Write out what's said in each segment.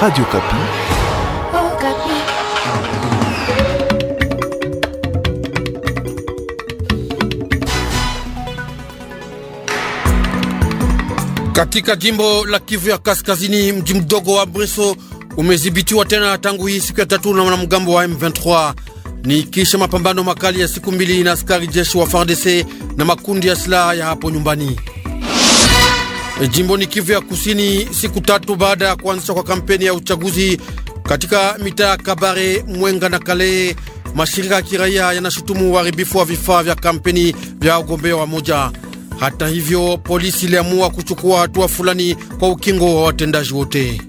Radio Kapi. Oh, Kapi. Katika jimbo la Kivu ya Kaskazini, mji mdogo wa Breso umezibitiwa tena tangu hii siku ya tatu na wanamgambo wa M23 ni kisha mapambano makali ya siku mbili na askari jeshi wa FARDC na makundi ya silaha ya hapo nyumbani. E, Jimboni Kivu ya Kusini, siku tatu baada ya kuanzishwa kwa kampeni ya uchaguzi katika mitaa ya Kabare, Mwenga na Kale, mashirika ya kiraia yanashutumu uharibifu wa vifaa vya kampeni vya ugombea wa moja. Hata hivyo, polisi iliamua kuchukua hatua fulani kwa ukingo wa watendaji wote.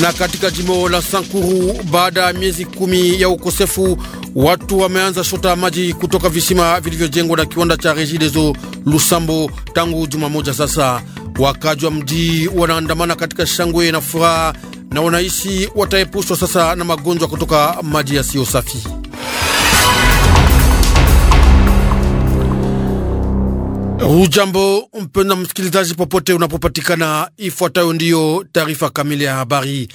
Na katika jimbo la Sankuru, baada ya miezi kumi ya ukosefu Watu wameanza shota maji kutoka visima vilivyojengwa na kiwanda cha Regideso Lusambo tangu juma moja sasa. Wakaji wa mji wanaandamana katika shangwe na furaha, na wanaishi wataepushwa sasa na magonjwa kutoka maji yasiyo safi. Hujambo mpenda msikilizaji, popote unapopatikana, ifuatayo ndiyo taarifa kamili ya habari.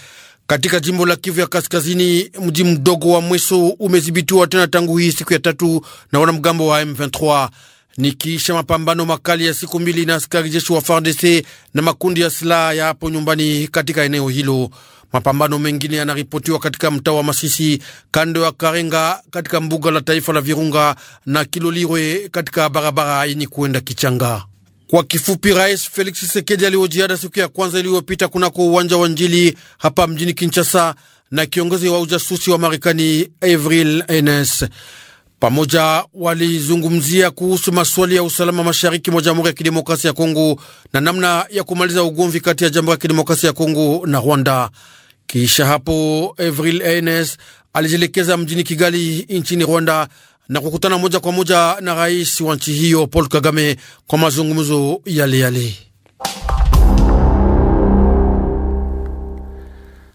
Katika jimbo la Kivu ya Kaskazini, mji mdogo wa Mweso umedhibitiwa tena tangu hii siku ya tatu na wanamgambo wa M23 nikiisha mapambano makali ya siku mbili na askari jeshi wa FARDC na makundi ya silaha ya hapo nyumbani katika eneo hilo. Mapambano mengine yanaripotiwa katika mtaa wa Masisi, kando ya Karenga, katika mbuga la taifa la Virunga na Kilolirwe, katika barabara yenye kuenda Kichanga. Kwa kifupi, Rais Felix Tshisekedi aliojiada siku ya kwanza iliyopita kunako uwanja wa Njili hapa mjini Kinshasa na kiongozi wa ujasusi wa Marekani Avril ns Pamoja walizungumzia kuhusu maswali ya usalama mashariki mwa Jamhuri ya Kidemokrasia ya Kongo na namna ya kumaliza ugomvi kati ya Jamhuri ya Kidemokrasia ya Kongo na Rwanda. Kisha hapo Avril Enes alijielekeza mjini Kigali nchini Rwanda na kukutana moja kwa moja na rais wa nchi hiyo Paul Kagame kwa mazungumzo yale yale.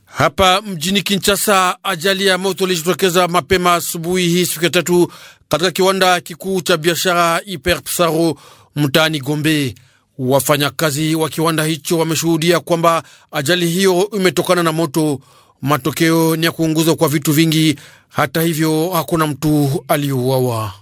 Hapa mjini Kinshasa, ajali ya moto ilijitokeza mapema asubuhi hii siku ya tatu katika kiwanda kikuu cha biashara Iper Psaro mtaani Gombe. Wafanyakazi wa kiwanda hicho wameshuhudia kwamba ajali hiyo imetokana na moto. Matokeo ni ya kuunguzwa kwa vitu vingi. Hata hivyo hakuna mtu aliyeuawa.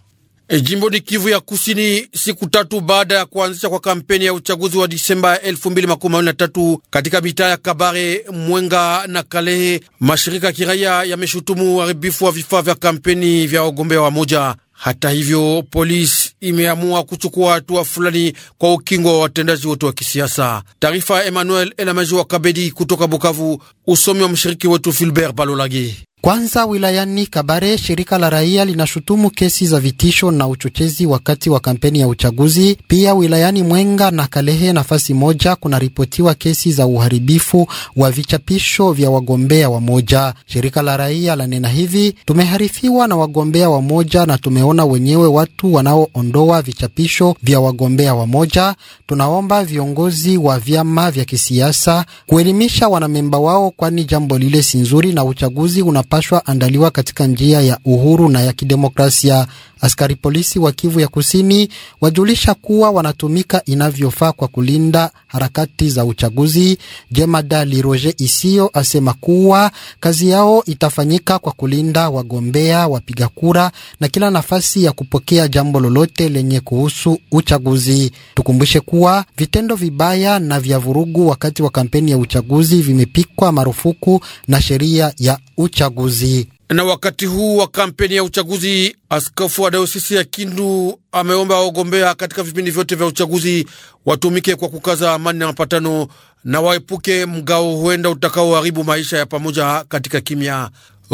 E, jimbo ni Kivu ya Kusini. Siku tatu baada ya kuanzisha kwa kampeni ya uchaguzi wa Disemba 2023 katika mitaa ya Kabare, Mwenga na Kalehe, mashirika kiraia yameshutumu uharibifu wa vifaa vya kampeni vya wagombea wa moja. Hata hivyo polisi imeamua kuchukua hatua fulani kwa ukingo wa watendaji wote wa kisiasa. Taarifa ya Emmanuel Elamaji wa Kabedi kutoka Bukavu, usomi wa mshiriki wetu Filbert Balolagi. Kwanza wilayani Kabare, shirika la raia linashutumu kesi za vitisho na uchochezi wakati wa kampeni ya uchaguzi. Pia wilayani Mwenga na Kalehe, nafasi moja, kunaripotiwa kesi za uharibifu wa vichapisho vya wagombea wamoja. Shirika la raia lanena hivi: tumeharifiwa na wagombea wamoja na tumeona wenyewe watu wanaoondoa vichapisho vya wagombea wamoja. Tunaomba viongozi wa vyama vya kisiasa kuelimisha wanamemba wao, kwani jambo lile si nzuri na uchaguzi una yanapashwa andaliwa katika njia ya uhuru na ya kidemokrasia. Askari polisi wa Kivu ya Kusini wajulisha kuwa wanatumika inavyofaa kwa kulinda harakati za uchaguzi. Jemadali Roger Isio asema kuwa kazi yao itafanyika kwa kulinda wagombea, wapiga kura na kila nafasi ya kupokea jambo lolote lenye kuhusu uchaguzi. Tukumbushe kuwa vitendo vibaya na vya vurugu wakati wa kampeni ya uchaguzi vimepikwa marufuku na sheria ya uchaguzi. Na wakati huu wa kampeni ya uchaguzi, askofu wa dayosisi ya Kindu ameomba wagombea katika vipindi vyote vya uchaguzi watumike kwa kukaza amani na mapatano na waepuke mgao huenda utakaoharibu maisha ya pamoja katika kimya.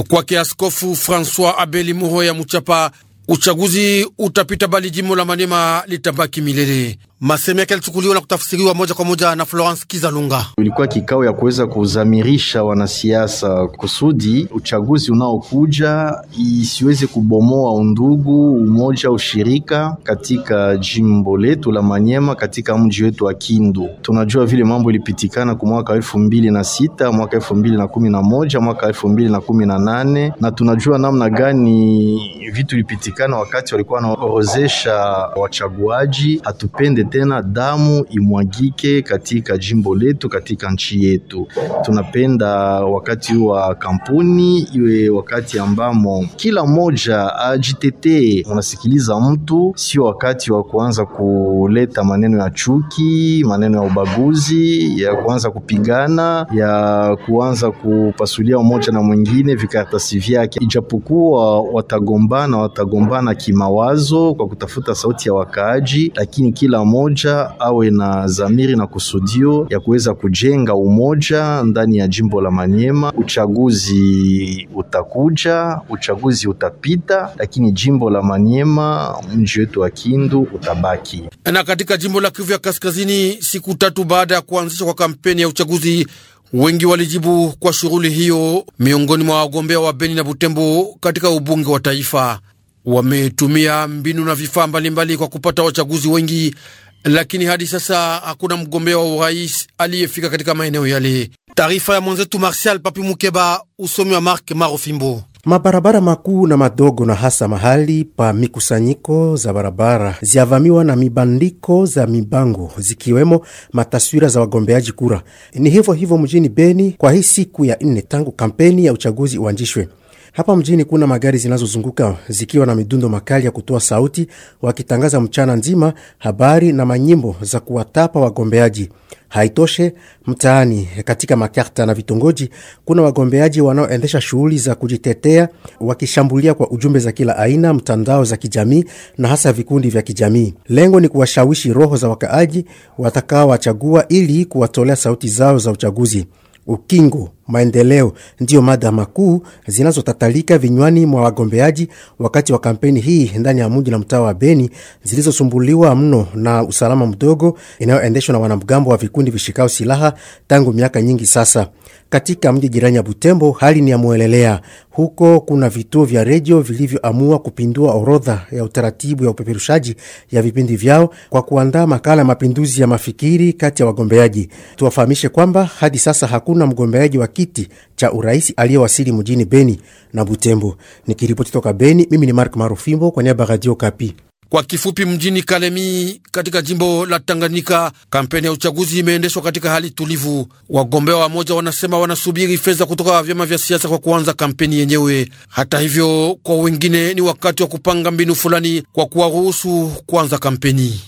Kwake askofu Francois Abeli Muhoya Muchapa, uchaguzi utapita bali jimbo la Manema litabaki milele. Maseme yake alichukuliwa na kutafsiriwa moja kwa moja na Florence Kizalunga. Ilikuwa kikao ya kuweza kuzamirisha wanasiasa kusudi uchaguzi unaokuja isiweze kubomoa undugu, umoja, ushirika katika jimbo letu la Manyema, katika mji wetu wa Kindu. Tunajua vile mambo ilipitikana kwa mwaka elfu mbili na sita, mwaka elfu mbili na kumi na moja, mwaka elfu mbili na kumi na nane na tunajua namna gani vitu ilipitikana wakati walikuwa wanaorozesha wachaguaji. Hatupende tuombe tena damu imwagike katika jimbo letu, katika nchi yetu. Tunapenda wakati wa kampuni iwe wakati ambamo kila mmoja ajitetee, unasikiliza mtu, sio wakati wa kuanza kuleta maneno ya chuki, maneno ya ubaguzi, ya kuanza kupigana, ya kuanza kupasulia mmoja na mwingine vikaratasi vyake. Ijapokuwa watagombana, watagombana kimawazo kwa kutafuta sauti ya wakaaji, lakini kila umoja, awe na zamiri na kusudio ya kuweza kujenga umoja ndani ya jimbo la Manyema. Uchaguzi utakuja, uchaguzi utapita, lakini jimbo la Manyema, mji wetu wa Kindu utabaki. Na katika jimbo la Kivu ya Kaskazini, siku tatu baada ya kuanzishwa kwa kampeni ya uchaguzi wengi walijibu kwa shughuli hiyo, miongoni mwa wagombea wa Beni na Butembo katika ubunge wa taifa. Wametumia mbinu na vifaa mbalimbali kwa kupata wachaguzi wengi lakini hadi sasa hakuna mgombea wa urais aliyefika katika maeneo yale. Taarifa ya mwenzetu Marsial Papi Mukeba, usomi wa Mark Marofimbo. Mabarabara makuu na madogo na hasa mahali pa mikusanyiko za barabara ziavamiwa na mibandiko za mibango zikiwemo mataswira za wagombeaji kura. Ni hivyo hivyo mjini Beni kwa hii siku ya nne tangu kampeni ya uchaguzi uanjishwe. Hapa mjini kuna magari zinazozunguka zikiwa na midundo makali ya kutoa sauti, wakitangaza mchana nzima habari na manyimbo za kuwatapa wagombeaji. Haitoshe, mtaani katika makarta na vitongoji kuna wagombeaji wanaoendesha shughuli za kujitetea wakishambulia kwa ujumbe za kila aina mtandao za kijamii na hasa vikundi vya kijamii. Lengo ni kuwashawishi roho za wakaaji watakaowachagua ili kuwatolea sauti zao za uchaguzi. Ukingo maendeleo ndiyo mada makuu zinazotatalika vinywani mwa wagombeaji wakati wa kampeni hii ndani ya mji na mtaa wa Beni, zilizosumbuliwa mno na usalama mdogo inayoendeshwa na wanamgambo wa vikundi vishikao silaha tangu miaka nyingi sasa. Katika mji jirani ya Butembo hali ni ya mwelelea. Huko kuna vituo vya redio vilivyoamua kupindua orodha ya utaratibu ya upeperushaji ya vipindi vyao kwa kuandaa makala ya mapinduzi ya mafikiri kati ya wagombeaji. Tuwafahamishe kwamba hadi sasa hakuna mgombeaji wa kiti cha urais aliyewasili mjini Beni na Butembo. Nikiripoti toka Beni, mimi ni Mark Marufimbo kwa niaba ya Radio Kapi. Kwa kifupi, mjini Kalemi katika jimbo la Tanganyika, kampeni ya uchaguzi imeendeshwa katika hali tulivu. Wagombea wa moja wanasema wanasubiri fedha kutoka vyama vya siasa kwa kuanza kampeni yenyewe. Hata hivyo, kwa wengine ni wakati wa kupanga mbinu fulani kwa kuwaruhusu kuanza kampeni.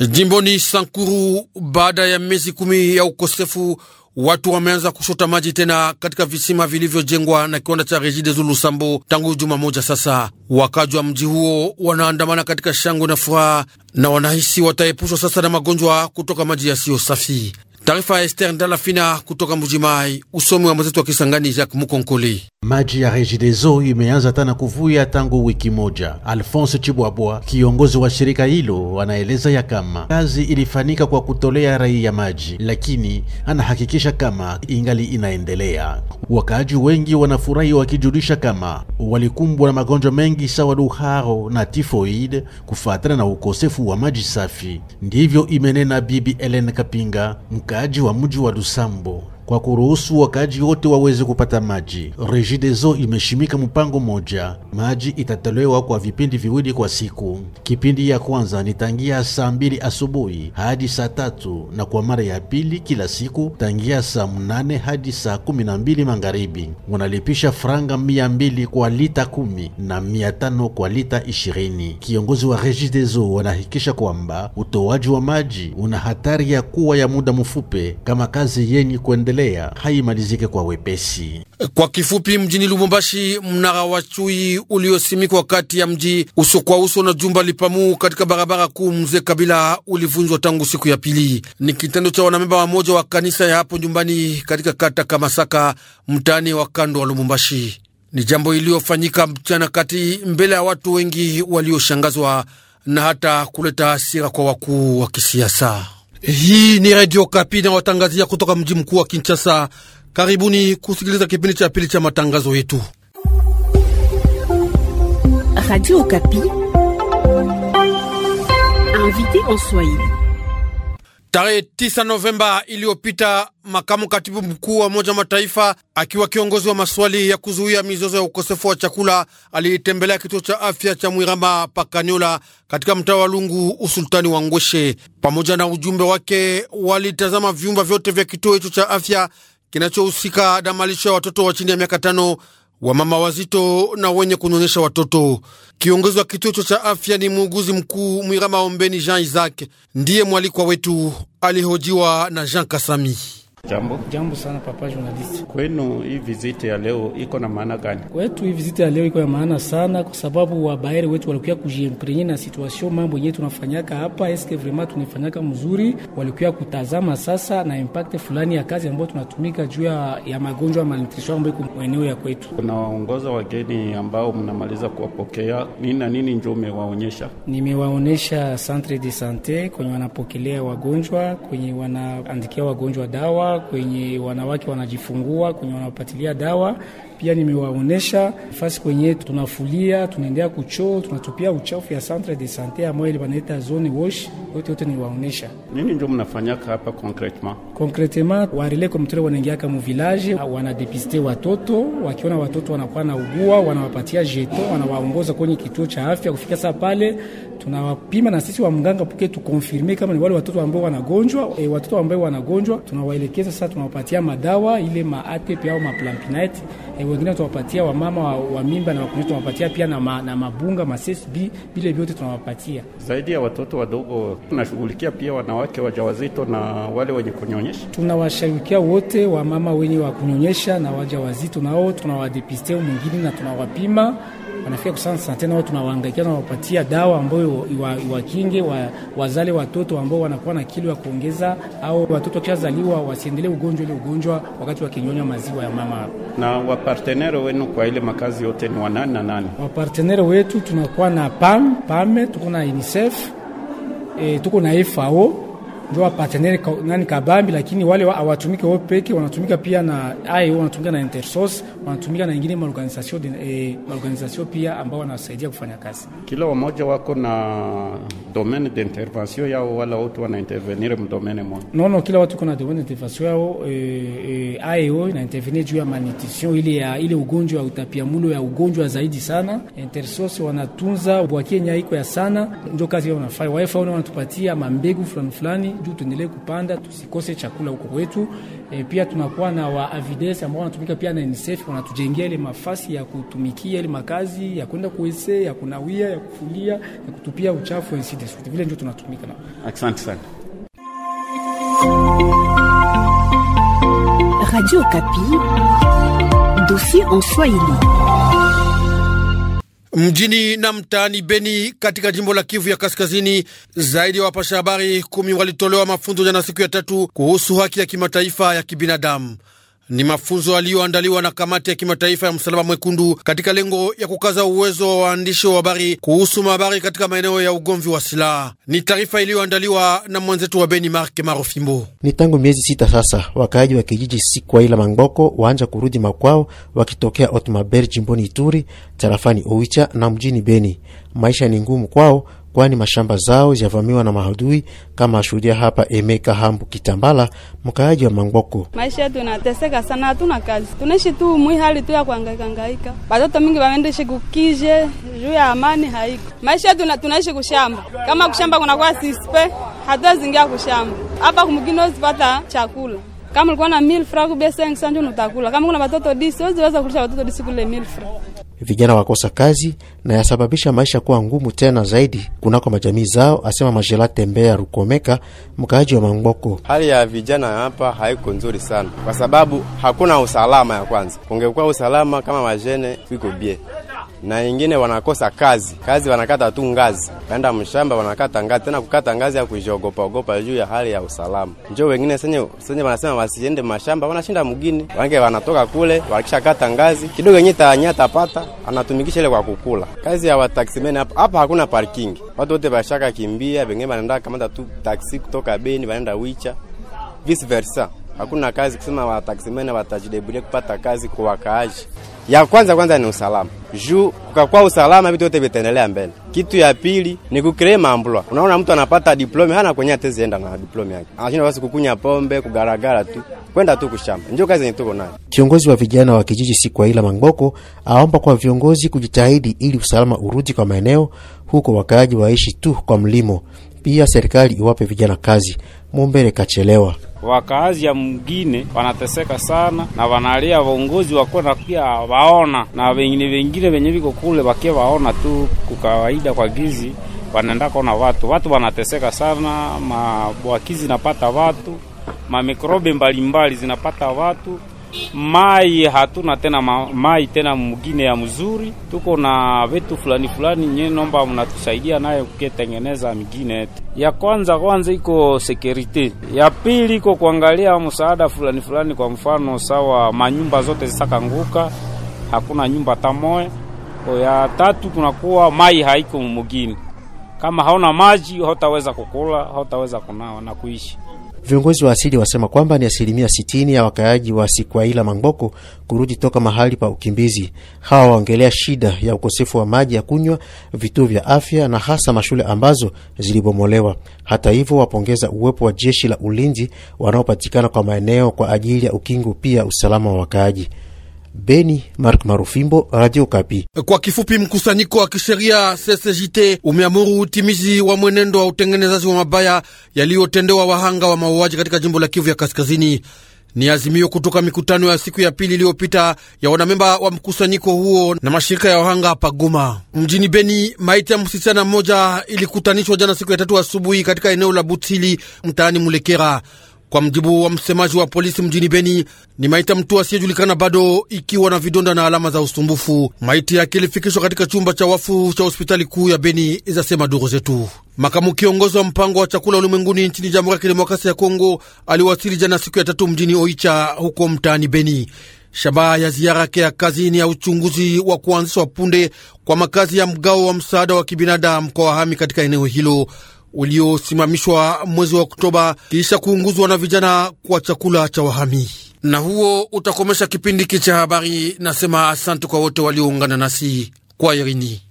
Jimboni Sankuru, baada ya miezi kumi ya ukosefu, watu wameanza kushota maji tena katika visima vilivyojengwa na kiwanda cha Regideso Lusambo tangu juma moja sasa. Wakaji wa mji huo wanaandamana katika shangwe na furaha, na wanahisi wataepushwa sasa na magonjwa kutoka maji yasiyo safi. Taarifa ya Ester Ndalafina kutoka Mbujimai, usomi wa mwenzetu wa Kisangani Jacques Mukonkoli. Maji ya Regideso imeanza tena kuvuya tangu wiki moja. Alphonse Chibwabwa, kiongozi wa shirika hilo, anaeleza ya kama kazi ilifanika kwa kutolea raia maji, lakini anahakikisha kama ingali inaendelea. Wakaaji wengi wanafurahi wakijulisha kama walikumbwa na magonjwa mengi sawa luharo na tifoid kufuatana na ukosefu wa maji safi. Ndivyo imenena Bibi Ellen Kapinga mka wakaaji wa mji wa Lusambo kwa kuruhusu wakaaji wote waweze kupata maji. Regideso imeshimika mpango moja, maji itatolewa kwa vipindi viwili kwa siku. Kipindi ya kwanza ni tangia saa mbili asubuhi hadi saa tatu na kwa mara ya pili kila siku tangia saa mnane hadi saa kumi na mbili magharibi. Wanalipisha franga mia mbili kwa lita kumi na mia tano kwa lita ishirini. Kiongozi wa Regideso wanahakikisha kwamba utoaji wa maji una hatari ya kuwa ya muda mfupe kama kazi yenye kuendelea inayoendelea haimalizike kwa wepesi. Kwa kifupi, mjini Lubumbashi, mnara wa chui uliosimikwa kati ya mji uso kwa uso na jumba lipamu katika barabara kuu Mzee Kabila ulivunjwa tangu siku ya pili. Ni kitendo cha wanamemba wa moja wa kanisa ya hapo nyumbani katika kata Kamasaka, mtaani wa kando wa Lubumbashi. Ni jambo iliyofanyika mchana kati mbele ya watu wengi walioshangazwa na hata kuleta hasira kwa wakuu wa kisiasa. Hii ni Radio Kapi na watangazia kutoka mji mkuu wa Kinshasa. Karibuni kusikiliza kipindi cha pili cha matangazo yetu. Radio Kapi invité en Swahili Tarehe 9 Novemba iliyopita, makamu katibu mkuu wa Umoja Mataifa akiwa kiongozi wa maswali ya kuzuia mizozo ya ukosefu wa chakula aliitembelea kituo cha afya cha Mwirama Pakanyola katika mtaa wa Lungu, usultani wa Ngweshe. Pamoja na ujumbe wake, walitazama viumba vyote vya kituo hicho cha afya kinachohusika na malisho ya watoto wa chini ya miaka tano wamama wazito na wenye kunyonyesha watoto. Kiongozi wa kituo cha afya ni muuguzi mkuu Mwirama Ombeni Jean Isaac, ndiye mwalikwa wetu, alihojiwa na Jean Kasami. Jambo, jambo sana papa journalist. Kwenu hii viziti ya leo iko na maana gani? Kwetu hii viziti ya leo iko na maana sana, kwa sababu wabaere wetu walikuwa kujiimprenye na situation, mambo yenyewe tunafanyaka hapa, que vraiment tunafanyaka mzuri. walikuwa kutazama sasa na impact fulani ya kazi ambayo tunatumika juu ya magonjwa ya malnutrition ambayo iko eneo ya kwetu. waongoza wageni ambao mnamaliza kuwapokea, nini na nini ndio umewaonyesha? Nimewaonyesha centre de sante kwenye wanapokelea wagonjwa, kwenye wanaandikia wagonjwa dawa kwenye wanawake wanajifungua, kwenye wanapatilia dawa. Pia nimewaonesha fasi kwenye tunafulia, tunaendea kuchoo, tunatupia uchafu ya centre de sante ambayo ile wanaita zone wash. Yote yote niwaonesha nini ndio mnafanyaka hapa concretement. Concretement wa relais communautaire wanaingia kama village, wanadepiste watoto, wakiona watoto wanakuwa na ugua, wanawapatia jeto, wanawaongoza kwenye kituo cha afya. Kufika saa pale tunawapima na sisi wa mganga puke tukonfirme kama ni wale watoto ambao wanagonjwa. E, watoto ambao wanagonjwa tunawaelekeza sasa tunawapatia madawa ile maatep au maplampinate e, eh, wengine tunawapatia wamama wa, wa mimba na wakunyo, tunawapatia pia na, ma, na mabunga masesb vile vyote tunawapatia. Zaidi ya watoto wadogo, tunashughulikia pia wanawake wajawazito na wale wenye kunyonyesha. Tunawashirikia wote wamama wenye wa kunyonyesha na wajawazito, nao tunawadepiste mwingine na tunawapima wanafika kusana sana tena, wao na wapatia dawa ambayo iwakinge wa, wazale watoto ambao wanakuwa na kilo ya kuongeza, au watoto wakishazaliwa wasiendelee ugonjwa ile ugonjwa wakati wakinyonywa maziwa ya mama. Na wapartenere wenu kwa ile makazi yote ni wanani na nani? Wapartenere wetu tunakuwa na PAM, PAME, tuko na UNICEF e, tuko na FAO ndio wapartenere nani kabambi, lakini wale hawatumike wao peke, wanatumika pia na AEO, wanatumika na intersource, wanatumika na ingine maorganizasio eh, maorganizasio pia ambao wanasaidia kufanya kazi. Kila wamoja wako na domaine de intervention yao, wala watu intervenir mu mwa mo no, kila watu kuna domaine de intervention yao eh, eh, wao e na intervenir juu ya malnutrition ile ya ile ugonjwa ya mulo ya ugonjwa zaidi sana. Intersource wanatunza bwakie nyaiko ya sana, ndio kazi yao wanafanya. Wao wanatupatia mambegu fulani fulani juu tuendelee kupanda, tusikose chakula huko kwetu. E, pia tunakuwa na wa avides ambao wanatumika pia na UNICEF, wanatujengea ile mafasi ya kutumikia ile makazi ya kwenda kuese ya kunawia ya kufulia ya kutupia uchafu Vile ndio tunatumika nao. Asante sana. Radio Kapi, dossier en Swahili mjini na mtaani Beni katika jimbo la Kivu ya Kaskazini, zaidi ya wa wapasha habari kumi walitolewa mafunzo jana siku ya tatu kuhusu haki ya kimataifa ya kibinadamu. Ni mafunzo aliyoandaliwa na kamati ya kimataifa ya Msalaba Mwekundu katika lengo ya kukaza uwezo wa waandishi wa habari kuhusu mahabari katika maeneo ya ugomvi wa silaha. Ni taarifa iliyoandaliwa na mwenzetu wa Beni, Mark Marofimbo. Ni tangu miezi sita sasa, wakaaji wa kijiji Sikwaila Mangoko waanja kurudi makwao wakitokea Otmaber jimboni Ituri, tarafani Oicha na mjini Beni. Maisha ni ngumu kwao kwani mashamba zao zavamiwa na maadui, kama ashuhudia hapa Emeka Hambu Kitambala, mkaaji wa Mangoko. Maisha yetu inateseka sana, hatuna kazi, tunaishi tu mwi hali tu ya kuangaikaangaika. watoto mingi waendeshi kukije juu ya amani haiko. Maisha yetu tunaishi kushamba, kama kushamba kunakuwa sispe, hatuwazingia kushamba hapa kumginozi chakula kama ulikuwa na mil fra kubesa ngisanje utakula. Kama kuna watoto disi, usiweza kulisha watoto disi kule mil fra. Vijana wakosa kazi na yasababisha maisha kuwa ngumu tena zaidi kunako majamii zao, asema Majela Tembea Rukomeka, mkaaji wa Mangoko. Hali ya vijana hapa haiko nzuri sana, kwa sababu hakuna usalama. Ya kwanza kungekuwa usalama kama majene wiko bie na ingine wanakosa kazi, kazi wanakata tu ngazi, kaenda mshamba wanakata ngazi, tena kukata ngazi ya kujogopa ogopa juu ya hali ya usalama. Njo wengine senye senye wanasema wasiende mashamba, wanashinda mgini, wange wanatoka kule, wakisha kata ngazi kidogo, yenye tanya tapata anatumikisha ile kwa kukula. Kazi ya wataximeni hapa hapa, hakuna parking, watu wote bashaka kimbia, wengine wanaenda kamata tu taksi kutoka Beni, wanaenda Wicha vice versa hakuna kazi kusema wataximene watajidebulia kupata kazi kwa wakaaji. Ya kwanza kwanza ni usalama, juu kukakuwa usalama vitu vyote vitaendelea mbele. Kitu ya pili ni kukree mamblwa. Unaona, mtu anapata diplome hana kwenye atezienda na diplome yake, anashinda basi kukunya pombe kugaragara tu kwenda tu kushamba, ndio kazi nituko nayo. Kiongozi wa vijana wa kijiji Sikwaila Mangoko aomba kwa viongozi kujitahidi ili usalama urudi kwa maeneo huko, wakaaji waishi tu kwa mlimo. Pia serikali iwape vijana kazi mumbe kachelewa Wakaazi ya mgine wanateseka sana na wanalia waongozi wako na pia waona na wengine wengine venye viko kule wakia waona tu kukawaida kwa gizi wanaenda na watu watu wanateseka sana, mabwakizi zinapata watu, mamikrobe mbalimbali zinapata watu mai hatuna tena ma, mai tena mugine ya mzuri, tuko na vitu fulani fulani nye nomba mnatusaidia naye kuketengeneza migine. Ya kwanza kwanza iko sekurite, ya pili iko kuangalia msaada fulani fulani, kwa mfano sawa manyumba zote zisakanguka, hakuna nyumba tamoya. Ya tatu kunakuwa mai haiko mugine, kama haona maji hotaweza kukula, hotaweza kunawa na kuishi. Viongozi wa asili wasema kwamba ni asilimia 60 ya wakaaji wa Sikwaila mangboko kurudi toka mahali pa ukimbizi. Hawa waongelea shida ya ukosefu wa maji ya kunywa, vituo vya afya na hasa mashule ambazo zilibomolewa. Hata hivyo, wapongeza uwepo wa jeshi la ulinzi wanaopatikana kwa maeneo kwa ajili ya ukingo, pia usalama wa wakaaji. Beni, Mark Marufimbo, Radio Kapi. Kwa kifupi, mkusanyiko wa kisheria CCJT umeamuru utimizi wa mwenendo wa utengenezaji wa mabaya yaliyotendewa wahanga wa mauaji katika jimbo la Kivu ya Kaskazini. Ni azimio kutoka mikutano ya siku ya pili iliyopita ya wanamemba wa mkusanyiko huo na mashirika ya wahanga hapa Goma. Mjini Beni, maiti ya msichana mmoja ilikutanishwa jana siku ya tatu asubuhi katika eneo la Butili mtaani Mulekera. Kwa mjibu wa msemaji wa polisi mjini Beni, ni maiti ya mtu asiyejulikana bado ikiwa na vidonda na alama za usumbufu. Maiti yake ilifikishwa katika chumba cha wafu cha hospitali kuu ya Beni, zasema duru zetu. Makamu kiongozi wa mpango wa chakula ulimwenguni nchini Jamhuri ya Kidemokrasia ya Kongo aliwasili jana siku ya tatu mjini Oicha huko mtaani Beni. Shabaha ya ziara yake ya kazi ni ya uchunguzi wa kuanzishwa punde kwa makazi ya mgao wa msaada wa kibinadamu kwa wahami katika eneo hilo uliosimamishwa mwezi wa Oktoba kisha kuunguzwa na vijana kwa chakula cha wahami. Na huo utakomesha kipindi hiki cha habari. Nasema asante kwa wote walioungana nasi kwa Irini.